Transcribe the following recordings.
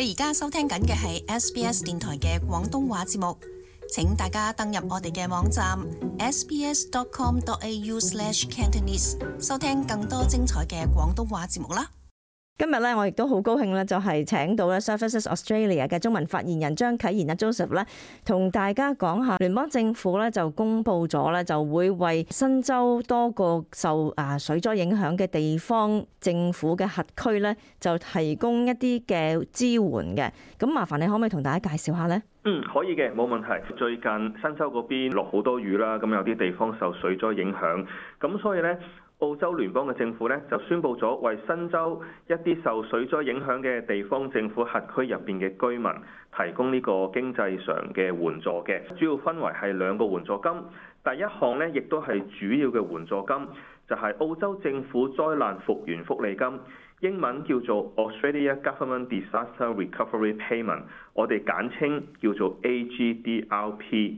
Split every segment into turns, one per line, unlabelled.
你而家收聽緊嘅係 SBS 電台嘅廣東話節目，請大家登入我哋嘅網站 sbs.com.au/cantonese，收聽更多精彩嘅廣東話節目啦。今日咧，我亦都好高興咧，就係請到咧 Services Australia 嘅中文發言人張啟賢阿 Joseph 咧，同大家講下聯邦政府咧就公布咗咧，就會為新州多個受啊水災影響嘅地方政府嘅轄區咧，就提供一啲嘅支援嘅。咁麻煩你可唔可以同大家介紹下咧？
嗯，可以嘅，冇問題。最近新州嗰邊落好多雨啦，咁有啲地方受水災影響，咁所以咧。澳洲聯邦嘅政府咧就宣布咗，為新州一啲受水災影響嘅地方政府轄區入邊嘅居民提供呢個經濟上嘅援助嘅，主要分為係兩個援助金。第一項咧，亦都係主要嘅援助金，就係澳洲政府災難復原福利金，英文叫做 Australia Government Disaster Recovery Payment，我哋簡稱叫做 AGDRP。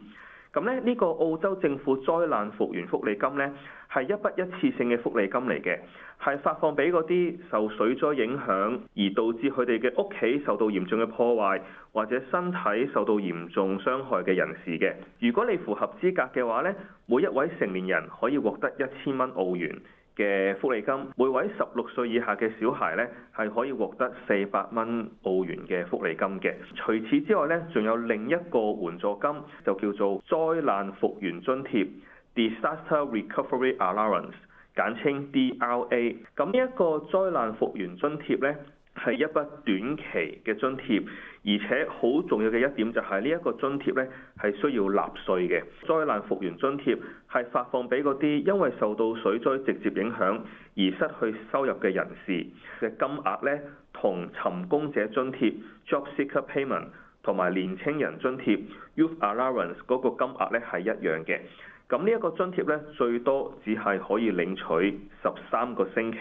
咁咧，呢個澳洲政府災難復原福利金呢，係一筆一次性嘅福利金嚟嘅，係發放俾嗰啲受水災影響，而導致佢哋嘅屋企受到嚴重嘅破壞，或者身體受到嚴重傷害嘅人士嘅。如果你符合資格嘅話呢，每一位成年人可以獲得一千蚊澳元嘅福利金，每位十六歲以下嘅小孩呢，係可以獲得四百蚊澳元嘅福利金嘅。除此之外呢，仲有另一個援助金，就叫做災難復原津貼 （Disaster Recovery Allowance），簡稱 DRA。咁呢一個災難復原津貼呢。係一筆短期嘅津貼，而且好重要嘅一點就係呢一個津貼咧係需要納稅嘅。災難復原津貼係發放俾嗰啲因為受到水災直接影響而失去收入嘅人士嘅金額咧，同尋工者津貼 （job seeker payment） 同埋年青人津貼 （youth allowance） 嗰個金額咧係一樣嘅。咁呢一個津貼咧最多只係可以領取十三個星期。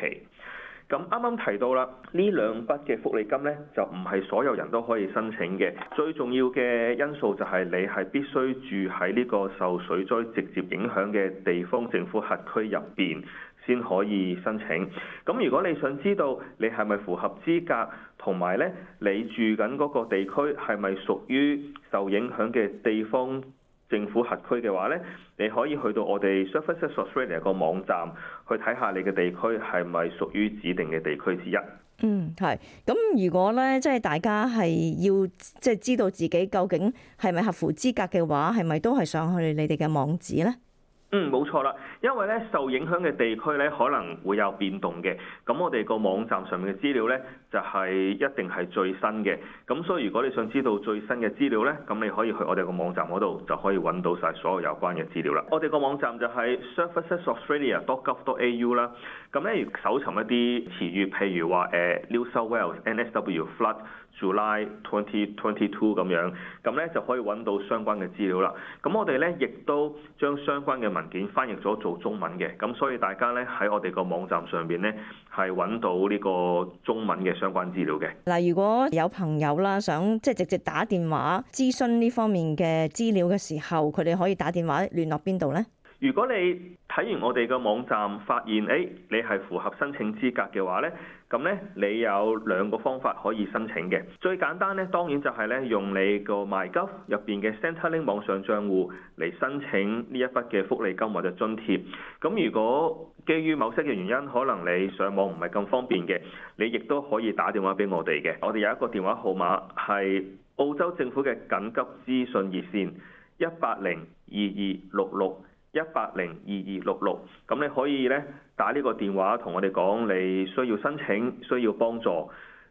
咁啱啱提到啦，呢兩筆嘅福利金呢，就唔係所有人都可以申請嘅。最重要嘅因素就係你係必須住喺呢個受水災直接影響嘅地方政府轄區入邊，先可以申請。咁如果你想知道你係咪符合資格，同埋呢你住緊嗰個地區係咪屬於受影響嘅地方，政府核區嘅話咧，你可以去到我哋 Services Australia 個網站去睇下你嘅地區係咪屬於指定嘅地區之一。
嗯，係。咁如果咧，即係大家係要即係知道自己究竟係咪合乎資格嘅話，係咪都係上去你哋嘅網址咧？
嗯，冇錯啦。因為咧，受影響嘅地區咧，可能會有變動嘅，咁我哋個網站上面嘅資料咧，就係一定係最新嘅，咁所以如果你想知道最新嘅資料咧，咁你可以去我哋個網站嗰度，就可以揾到晒所有有關嘅資料啦。我哋個網站就係 servicesaustralia.gov.au 啦，咁咧搜尋一啲詞語，譬如話誒 New South Wales NSW flood July 2022咁樣，咁咧就可以揾到相關嘅資料啦。咁我哋咧亦都將相關嘅文件翻譯咗做中文嘅，咁所以大家咧喺我哋個網站上邊咧，係揾到呢個中文嘅相關資料嘅。
嗱，如果有朋友啦想即係直接打電話諮詢呢方面嘅資料嘅時候，佢哋可以打電話聯絡邊度呢？
如果你睇完我哋嘅網站，發現誒你係符合申請資格嘅話咧。咁咧，你有兩個方法可以申請嘅。最簡單咧，當然就係咧，用你個 MyGov 入邊嘅 Centrelink 網上賬戶嚟申請呢一筆嘅福利金或者津貼。咁如果基於某些嘅原因，可能你上網唔係咁方便嘅，你亦都可以打電話俾我哋嘅。我哋有一個電話號碼係澳洲政府嘅緊急資訊熱線一八零二二六六。一八零二二六六，咁你可以咧，打呢個電話同我哋講，你需要申請，需要幫助，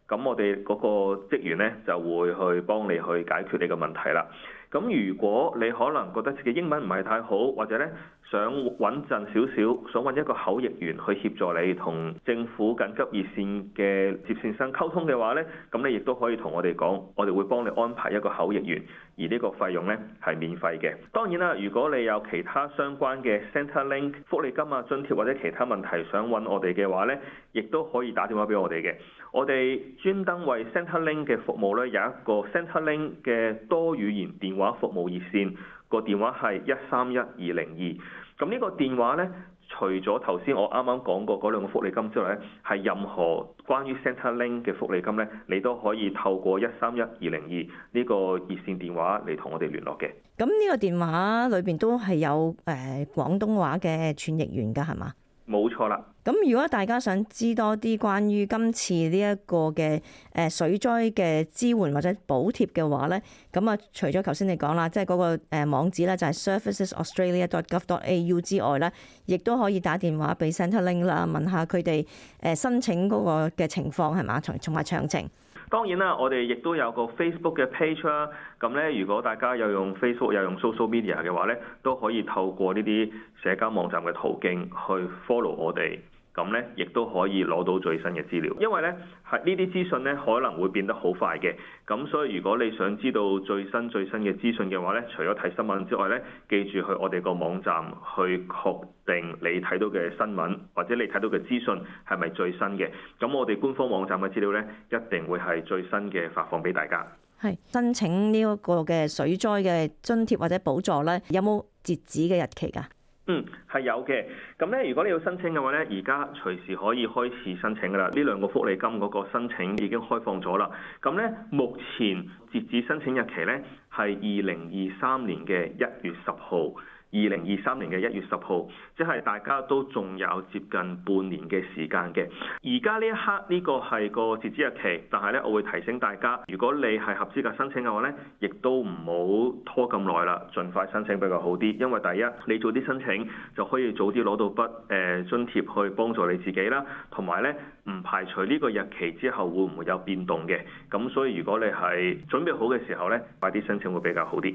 咁我哋嗰個職員咧就會去幫你去解決你嘅問題啦。咁如果你可能覺得自己英文唔係太好，或者咧想穩陣少少，想揾一個口譯員去協助你同政府緊急熱線嘅接線生溝通嘅話咧，咁你亦都可以同我哋講，我哋會幫你安排一個口譯員，而呢個費用咧係免費嘅。當然啦，如果你有其他相關嘅 Centrelink 福利金啊、津貼或者其他問題想揾我哋嘅話咧，亦都可以打電話俾我哋嘅。我哋專登為 Centrelink 嘅服務咧有一個 Centrelink 嘅多語言電話。話服務熱線個電話係一三一二零二，咁呢個電話咧，除咗頭先我啱啱講過嗰兩個福利金之外咧，係任何關於 Centrelink 嘅福利金咧，你都可以透過一三一二零二呢個熱線電話嚟同我哋聯絡嘅。
咁呢個電話裏邊都係有誒廣東話嘅傳譯員㗎，係嘛？
冇
錯啦。咁如果大家想知多啲關於今次呢一個嘅誒水災嘅支援或者補貼嘅話咧，咁啊除咗頭先你講啦，即係嗰個誒網址咧就係 servicesaustralia.gov.au 之外咧，亦都可以打電話俾 Centrelink 啦，問下佢哋誒申請嗰個嘅情況係嘛，同同埋詳情。
當然啦，我哋亦都有個 Facebook 嘅 page 啦。咁呢，如果大家有用 Facebook、有用 social media 嘅話，呢都可以透過呢啲社交網站嘅途徑去 follow 我哋。咁咧，亦都可以攞到最新嘅資料，因為咧係呢啲資訊咧可能會變得好快嘅。咁所以如果你想知道最新最新嘅資訊嘅話咧，除咗睇新聞之外咧，記住去我哋個網站去確定你睇到嘅新聞或者你睇到嘅資訊係咪最新嘅。咁我哋官方網站嘅資料咧一定會係最新嘅發放俾大家。
係申請呢一個嘅水災嘅津貼或者補助咧，有冇截止嘅日期㗎？
嗯，係有嘅。咁咧，如果你要申請嘅話咧，而家隨時可以開始申請噶啦。呢兩個福利金嗰個申請已經開放咗啦。咁咧，目前截止申請日期咧係二零二三年嘅一月十號。二零二三年嘅一月十號，即係大家都仲有接近半年嘅時間嘅。而家呢一刻呢、呢個係個截止日期，但係呢，我會提醒大家，如果你係合資格申請嘅話呢，亦都唔好拖咁耐啦，盡快申請比較好啲。因為第一，你早啲申請就可以早啲攞到筆誒、呃、津貼去幫助你自己啦。同埋呢，唔排除呢個日期之後會唔會有變動嘅。咁所以如果你係準備好嘅時候呢，快啲申請會比較好啲。